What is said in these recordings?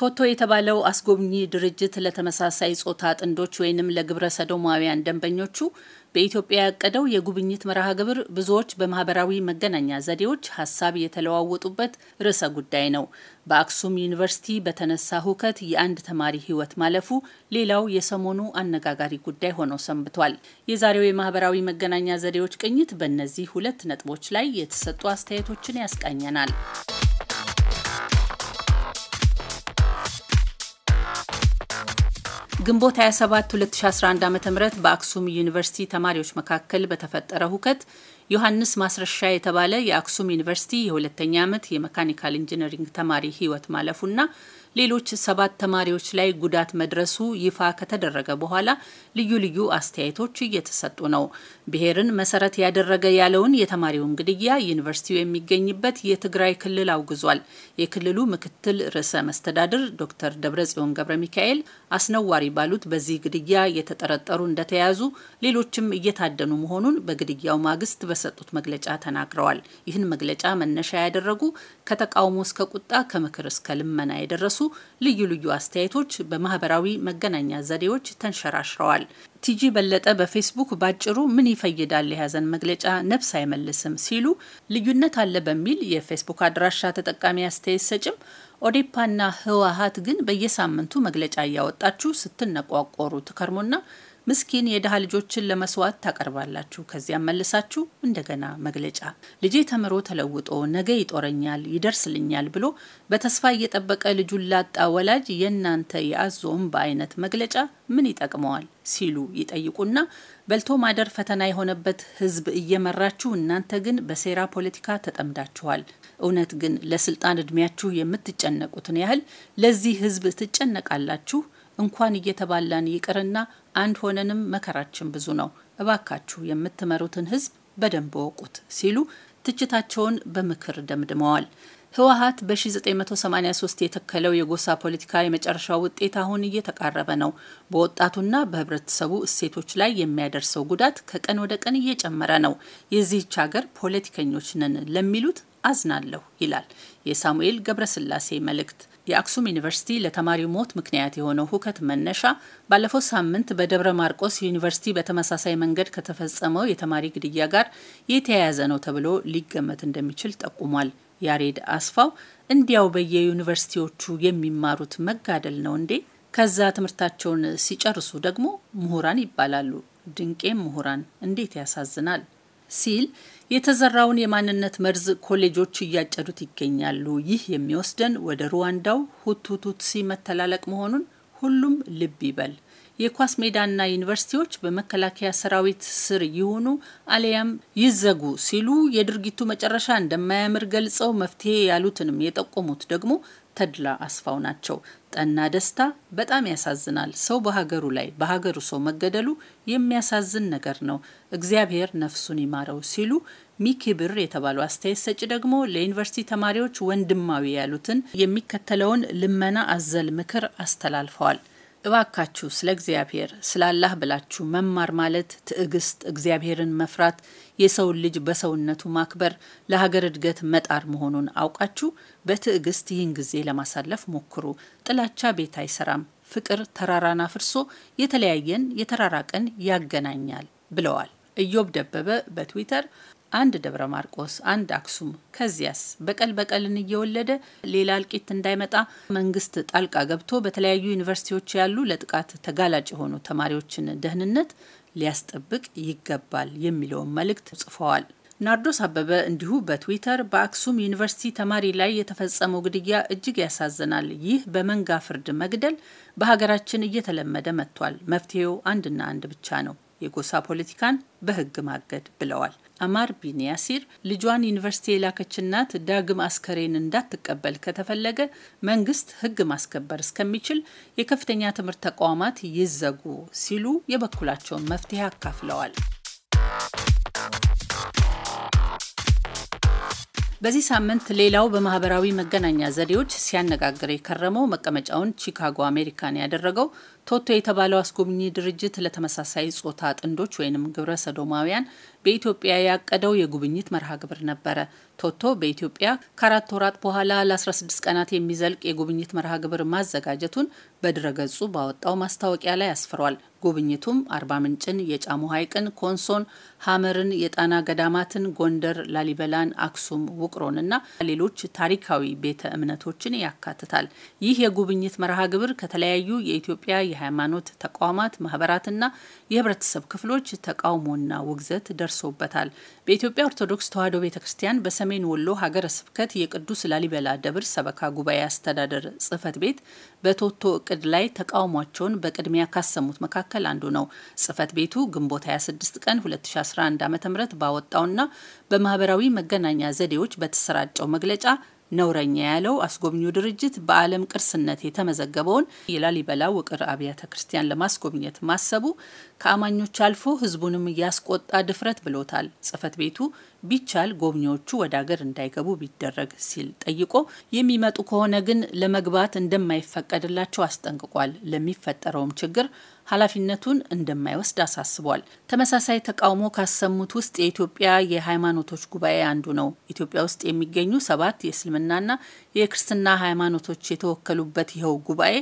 ቶቶ የተባለው አስጎብኚ ድርጅት ለተመሳሳይ ጾታ ጥንዶች ወይንም ለግብረ ሰዶማውያን ደንበኞቹ በኢትዮጵያ ያቀደው የጉብኝት መርሃ ግብር ብዙዎች በማህበራዊ መገናኛ ዘዴዎች ሀሳብ የተለዋወጡበት ርዕሰ ጉዳይ ነው። በአክሱም ዩኒቨርሲቲ በተነሳ ሁከት የአንድ ተማሪ ሕይወት ማለፉ ሌላው የሰሞኑ አነጋጋሪ ጉዳይ ሆኖ ሰንብቷል። የዛሬው የማህበራዊ መገናኛ ዘዴዎች ቅኝት በእነዚህ ሁለት ነጥቦች ላይ የተሰጡ አስተያየቶችን ያስቃኘናል። ግንቦት 27 2011 ዓ ም በአክሱም ዩኒቨርሲቲ ተማሪዎች መካከል በተፈጠረ ሁከት ዮሐንስ ማስረሻ የተባለ የአክሱም ዩኒቨርሲቲ የሁለተኛ ዓመት የመካኒካል ኢንጂነሪንግ ተማሪ ህይወት ማለፉና ሌሎች ሰባት ተማሪዎች ላይ ጉዳት መድረሱ ይፋ ከተደረገ በኋላ ልዩ ልዩ አስተያየቶች እየተሰጡ ነው። ብሔርን መሰረት ያደረገ ያለውን የተማሪውን ግድያ ዩኒቨርሲቲው የሚገኝበት የትግራይ ክልል አውግዟል። የክልሉ ምክትል ርዕሰ መስተዳድር ዶክተር ደብረጽዮን ገብረ ሚካኤል አስነዋሪ ባሉት በዚህ ግድያ የተጠረጠሩ እንደተያዙ ሌሎችም እየታደኑ መሆኑን በግድያው ማግስት በሰጡት መግለጫ ተናግረዋል። ይህን መግለጫ መነሻ ያደረጉ ከተቃውሞ እስከ ቁጣ፣ ከምክር እስከ ልመና የደረሱ ልዩ ልዩ አስተያየቶች በማህበራዊ መገናኛ ዘዴዎች ተንሸራሽረዋል። ቲጂ በለጠ በፌስቡክ ባጭሩ ምን ይፈይዳል የሀዘን መግለጫ ነፍስ አይመልስም ሲሉ ልዩነት አለ በሚል የፌስቡክ አድራሻ ተጠቃሚ አስተያየት ሰጭም ኦዴፓና ህወሀት ግን በየሳምንቱ መግለጫ እያወጣችሁ ስትነቋቆሩ ትከርሙና ምስኪን የድሃ ልጆችን ለመስዋዕት ታቀርባላችሁ። ከዚያም መልሳችሁ እንደገና መግለጫ ልጄ ተምሮ ተለውጦ ነገ ይጦረኛል፣ ይደርስልኛል ብሎ በተስፋ እየጠበቀ ልጁን ላጣ ወላጅ የእናንተ የአዞም በአይነት አይነት መግለጫ ምን ይጠቅመዋል? ሲሉ ይጠይቁና በልቶ ማደር ፈተና የሆነበት ህዝብ እየመራችሁ እናንተ ግን በሴራ ፖለቲካ ተጠምዳችኋል። እውነት ግን ለስልጣን እድሜያችሁ የምትጨነቁትን ያህል ለዚህ ህዝብ ትጨነቃላችሁ? እንኳን እየተባላን ይቅርና አንድ ሆነንም መከራችን ብዙ ነው፣ እባካችሁ የምትመሩትን ህዝብ በደንብ ወቁት ሲሉ ትችታቸውን በምክር ደምድመዋል። ህወሀት በ1983 የተከለው የጎሳ ፖለቲካ የመጨረሻው ውጤት አሁን እየተቃረበ ነው። በወጣቱና በህብረተሰቡ እሴቶች ላይ የሚያደርሰው ጉዳት ከቀን ወደ ቀን እየጨመረ ነው። የዚህች ሀገር ፖለቲከኞች ነን ለሚሉት አዝናለሁ ይላል የሳሙኤል ገብረስላሴ መልእክት። የአክሱም ዩኒቨርሲቲ ለተማሪው ሞት ምክንያት የሆነው ሁከት መነሻ ባለፈው ሳምንት በደብረ ማርቆስ ዩኒቨርሲቲ በተመሳሳይ መንገድ ከተፈጸመው የተማሪ ግድያ ጋር የተያያዘ ነው ተብሎ ሊገመት እንደሚችል ጠቁሟል። ያሬድ አስፋው እንዲያው በየዩኒቨርሲቲዎቹ የሚማሩት መጋደል ነው እንዴ? ከዛ ትምህርታቸውን ሲጨርሱ ደግሞ ምሁራን ይባላሉ። ድንቄም ምሁራን እንዴት ያሳዝናል! ሲል የተዘራውን የማንነት መርዝ ኮሌጆች እያጨዱት ይገኛሉ። ይህ የሚወስደን ወደ ሩዋንዳው ሁቱ ቱትሲ መተላለቅ መሆኑን ሁሉም ልብ ይበል። የኳስ ሜዳና ዩኒቨርሲቲዎች በመከላከያ ሰራዊት ስር ይሁኑ አሊያም ይዘጉ ሲሉ የድርጊቱ መጨረሻ እንደማያምር ገልጸው መፍትሄ ያሉትንም የጠቆሙት ደግሞ ተድላ አስፋው ናቸው። ጠና ደስታ በጣም ያሳዝናል። ሰው በሀገሩ ላይ በሀገሩ ሰው መገደሉ የሚያሳዝን ነገር ነው፣ እግዚአብሔር ነፍሱን ይማረው ሲሉ ሚኪ ብር የተባሉ አስተያየት ሰጪ ደግሞ ለዩኒቨርሲቲ ተማሪዎች ወንድማዊ ያሉትን የሚከተለውን ልመና አዘል ምክር አስተላልፈዋል። እባካችሁ ስለ እግዚአብሔር ስለ አላህ ብላችሁ መማር ማለት ትዕግስት፣ እግዚአብሔርን መፍራት፣ የሰውን ልጅ በሰውነቱ ማክበር፣ ለሀገር እድገት መጣር መሆኑን አውቃችሁ በትዕግስት ይህን ጊዜ ለማሳለፍ ሞክሩ። ጥላቻ ቤት አይሰራም። ፍቅር ተራራን አፍርሶ የተለያየን የተራራቀን ያገናኛል ብለዋል። ኢዮብ ደበበ በትዊተር አንድ ደብረ ማርቆስ፣ አንድ አክሱም፣ ከዚያስ በቀል በቀልን እየወለደ ሌላ እልቂት እንዳይመጣ መንግስት ጣልቃ ገብቶ በተለያዩ ዩኒቨርሲቲዎች ያሉ ለጥቃት ተጋላጭ የሆኑ ተማሪዎችን ደህንነት ሊያስጠብቅ ይገባል የሚለውን መልእክት ጽፈዋል። ናርዶስ አበበ እንዲሁ በትዊተር በአክሱም ዩኒቨርሲቲ ተማሪ ላይ የተፈጸመው ግድያ እጅግ ያሳዝናል። ይህ በመንጋ ፍርድ መግደል በሀገራችን እየተለመደ መጥቷል። መፍትሄው አንድና አንድ ብቻ ነው የጎሳ ፖለቲካን በህግ ማገድ ብለዋል። አማር ቢን ያሲር ልጇን ዩኒቨርሲቲ የላከች እናት ዳግም አስከሬን እንዳትቀበል ከተፈለገ መንግስት ህግ ማስከበር እስከሚችል የከፍተኛ ትምህርት ተቋማት ይዘጉ ሲሉ የበኩላቸውን መፍትሄ አካፍለዋል። በዚህ ሳምንት ሌላው በማህበራዊ መገናኛ ዘዴዎች ሲያነጋግር የከረመው መቀመጫውን ቺካጎ አሜሪካን ያደረገው ቶቶ የተባለው አስጎብኚ ድርጅት ለተመሳሳይ ጾታ ጥንዶች ወይንም ግብረ ሰዶማውያን በኢትዮጵያ ያቀደው የጉብኝት መርሃ ግብር ነበረ። ቶቶ በኢትዮጵያ ከአራት ወራት በኋላ ለ16 ቀናት የሚዘልቅ የጉብኝት መርሃ ግብር ማዘጋጀቱን በድረገጹ ባወጣው ማስታወቂያ ላይ አስፍሯል። ጉብኝቱም አርባ ምንጭን፣ የጫሙ ሐይቅን፣ ኮንሶን፣ ሀመርን፣ የጣና ገዳማትን፣ ጎንደር፣ ላሊበላን፣ አክሱም፣ ውቅሮንና ሌሎች ታሪካዊ ቤተ እምነቶችን ያካትታል። ይህ የጉብኝት መርሃ ግብር ከተለያዩ የኢትዮጵያ የሃይማኖት ተቋማት ማህበራትና የህብረተሰብ ክፍሎች ተቃውሞና ውግዘት ደርሷል። ደርሶበታል። በኢትዮጵያ ኦርቶዶክስ ተዋሕዶ ቤተ ክርስቲያን በሰሜን ወሎ ሀገረ ስብከት የቅዱስ ላሊበላ ደብር ሰበካ ጉባኤ አስተዳደር ጽህፈት ቤት በቶቶ እቅድ ላይ ተቃውሟቸውን በቅድሚያ ካሰሙት መካከል አንዱ ነው። ጽሕፈት ቤቱ ግንቦት 26 ቀን 2011 ዓ ም ባወጣውና በማህበራዊ መገናኛ ዘዴዎች በተሰራጨው መግለጫ ነውረኛ ያለው አስጎብኚው ድርጅት በዓለም ቅርስነት የተመዘገበውን የላሊበላ ውቅር አብያተ ክርስቲያን ለማስጎብኘት ማሰቡ ከአማኞች አልፎ ሕዝቡንም እያስቆጣ ድፍረት ብሎታል። ጽፈት ቤቱ ቢቻል ጎብኚዎቹ ወደ አገር እንዳይገቡ ቢደረግ ሲል ጠይቆ የሚመጡ ከሆነ ግን ለመግባት እንደማይፈቀድላቸው አስጠንቅቋል። ለሚፈጠረውም ችግር ኃላፊነቱን እንደማይወስድ አሳስቧል። ተመሳሳይ ተቃውሞ ካሰሙት ውስጥ የኢትዮጵያ የሃይማኖቶች ጉባኤ አንዱ ነው። ኢትዮጵያ ውስጥ የሚገኙ ሰባት የእስልምናና የክርስትና ሃይማኖቶች የተወከሉበት ይኸው ጉባኤ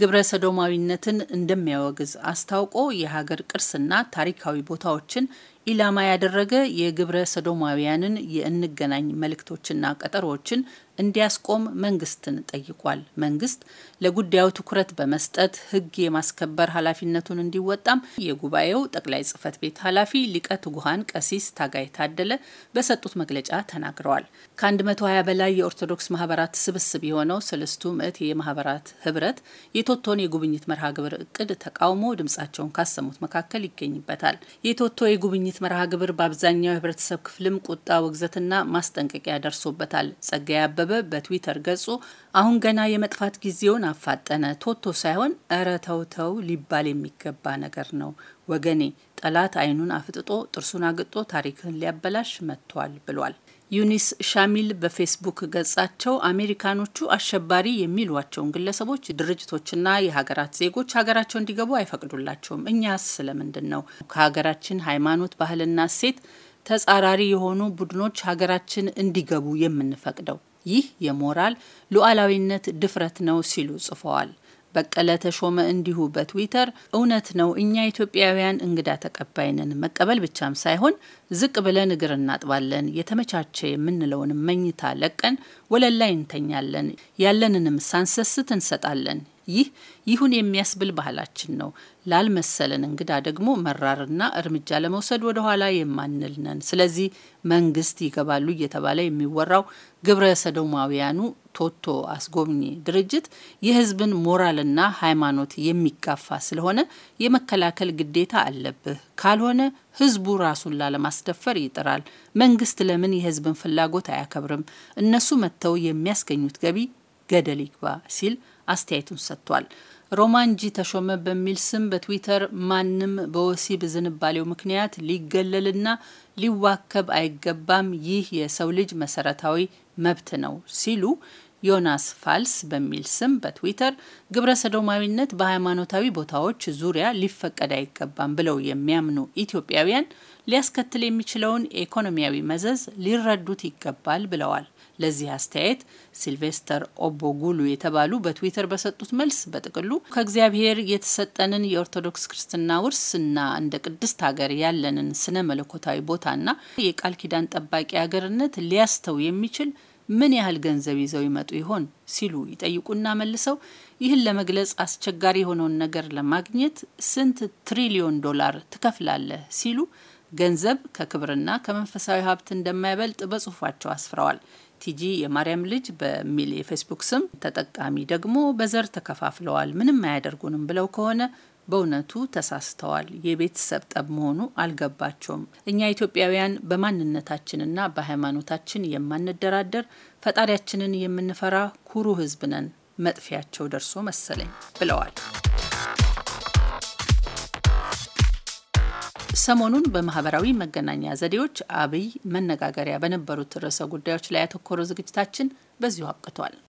ግብረ ሰዶማዊነትን እንደሚያወግዝ አስታውቆ የሀገር ቅርስና ታሪካዊ ቦታዎችን ኢላማ ያደረገ የግብረ ሰዶማውያንን የእንገናኝ መልእክቶችና ቀጠሮዎችን እንዲያስቆም መንግስትን ጠይቋል። መንግስት ለጉዳዩ ትኩረት በመስጠት ህግ የማስከበር ኃላፊነቱን እንዲወጣም የጉባኤው ጠቅላይ ጽህፈት ቤት ኃላፊ ሊቀ ትጉሃን ቀሲስ ታጋይ ታደለ በሰጡት መግለጫ ተናግረዋል። ከ120 በላይ የኦርቶዶክስ ማህበራት ስብስብ የሆነው ሰለስቱ ምዕት የማህበራት ህብረት የቶቶን የጉብኝት መርሃ ግብር እቅድ ተቃውሞ ድምጻቸውን ካሰሙት መካከል ይገኝበታል። የቶቶ የጉብኝት የጉብኝት መርሃ ግብር በአብዛኛው የህብረተሰብ ክፍልም ቁጣ፣ ውግዘትና ማስጠንቀቂያ ደርሶበታል። ጸጋዬ አበበ በትዊተር ገጹ አሁን ገና የመጥፋት ጊዜውን አፋጠነ። ቶቶ ሳይሆን እረ ተውተው ሊባል የሚገባ ነገር ነው ወገኔ። ጠላት አይኑን አፍጥጦ ጥርሱን አግጦ ታሪክን ሊያበላሽ መጥቷል ብሏል። ዩኒስ ሻሚል በፌስቡክ ገጻቸው አሜሪካኖቹ አሸባሪ የሚሏቸውን ግለሰቦች ድርጅቶችና የሀገራት ዜጎች ሀገራቸው እንዲገቡ አይፈቅዱላቸውም። እኛስ ስለምንድን ነው ከሀገራችን ሃይማኖት፣ ባህልና እሴት ተጻራሪ የሆኑ ቡድኖች ሀገራችን እንዲገቡ የምንፈቅደው? ይህ የሞራል ሉዓላዊነት ድፍረት ነው ሲሉ ጽፈዋል። በቀለ ተሾመ እንዲሁ በትዊተር እውነት ነው፣ እኛ ኢትዮጵያውያን እንግዳ ተቀባይንን መቀበል ብቻም ሳይሆን ዝቅ ብለን እግር እናጥባለን፣ የተመቻቸ የምንለውን መኝታ ለቀን ወለል ላይ እንተኛለን፣ ያለንንም ሳንሰስት እንሰጣለን። ይህ ይሁን የሚያስብል ባህላችን ነው። ላልመሰለን እንግዳ ደግሞ መራርና እርምጃ ለመውሰድ ወደኋላ የማንልነን ስለዚህ መንግስት ይገባሉ እየተባለ የሚወራው ግብረ ሰዶማውያኑ ቶቶ አስጎብኚ ድርጅት የህዝብን ሞራልና ሃይማኖት የሚጋፋ ስለሆነ የመከላከል ግዴታ አለብህ፣ ካልሆነ ህዝቡ ራሱን ላለማስደፈር ይጥራል። መንግስት ለምን የህዝብን ፍላጎት አያከብርም? እነሱ መጥተው የሚያስገኙት ገቢ ገደል ይግባ ሲል አስተያየቱን ሰጥቷል። ሮማንጂ ተሾመ በሚል ስም በትዊተር ማንም በወሲብ ዝንባሌው ምክንያት ሊገለልና ሊዋከብ አይገባም። ይህ የሰው ልጅ መሰረታዊ መብት ነው ሲሉ ዮናስ ፋልስ በሚል ስም በትዊተር ግብረ ሰዶማዊነት በሃይማኖታዊ ቦታዎች ዙሪያ ሊፈቀድ አይገባም ብለው የሚያምኑ ኢትዮጵያውያን ሊያስከትል የሚችለውን ኢኮኖሚያዊ መዘዝ ሊረዱት ይገባል ብለዋል። ለዚህ አስተያየት ሲልቬስተር ኦቦጉሉ የተባሉ በትዊተር በሰጡት መልስ በጥቅሉ ከእግዚአብሔር የተሰጠንን የኦርቶዶክስ ክርስትና ውርስ እና እንደ ቅድስት ሀገር ያለንን ስነ መለኮታዊ ቦታና የቃል ኪዳን ጠባቂ ሀገርነት ሊያስተው የሚችል ምን ያህል ገንዘብ ይዘው ይመጡ ይሆን ሲሉ ይጠይቁና መልሰው ይህን ለመግለጽ አስቸጋሪ የሆነውን ነገር ለማግኘት ስንት ትሪሊዮን ዶላር ትከፍላለህ ሲሉ ገንዘብ ከክብርና ከመንፈሳዊ ሀብት እንደማይበልጥ በጽሁፋቸው አስፍረዋል። ቲጂ የማርያም ልጅ በሚል የፌስቡክ ስም ተጠቃሚ ደግሞ በዘር ተከፋፍለዋል፣ ምንም አያደርጉንም ብለው ከሆነ በእውነቱ ተሳስተዋል። የቤተሰብ ጠብ መሆኑ አልገባቸውም። እኛ ኢትዮጵያውያን በማንነታችንና በሃይማኖታችን የማንደራደር ፈጣሪያችንን የምንፈራ ኩሩ ህዝብ ነን። መጥፊያቸው ደርሶ መሰለኝ ብለዋል። ሰሞኑን በማህበራዊ መገናኛ ዘዴዎች አብይ መነጋገሪያ በነበሩት ርዕሰ ጉዳዮች ላይ ያተኮረው ዝግጅታችን በዚሁ አብቅቷል።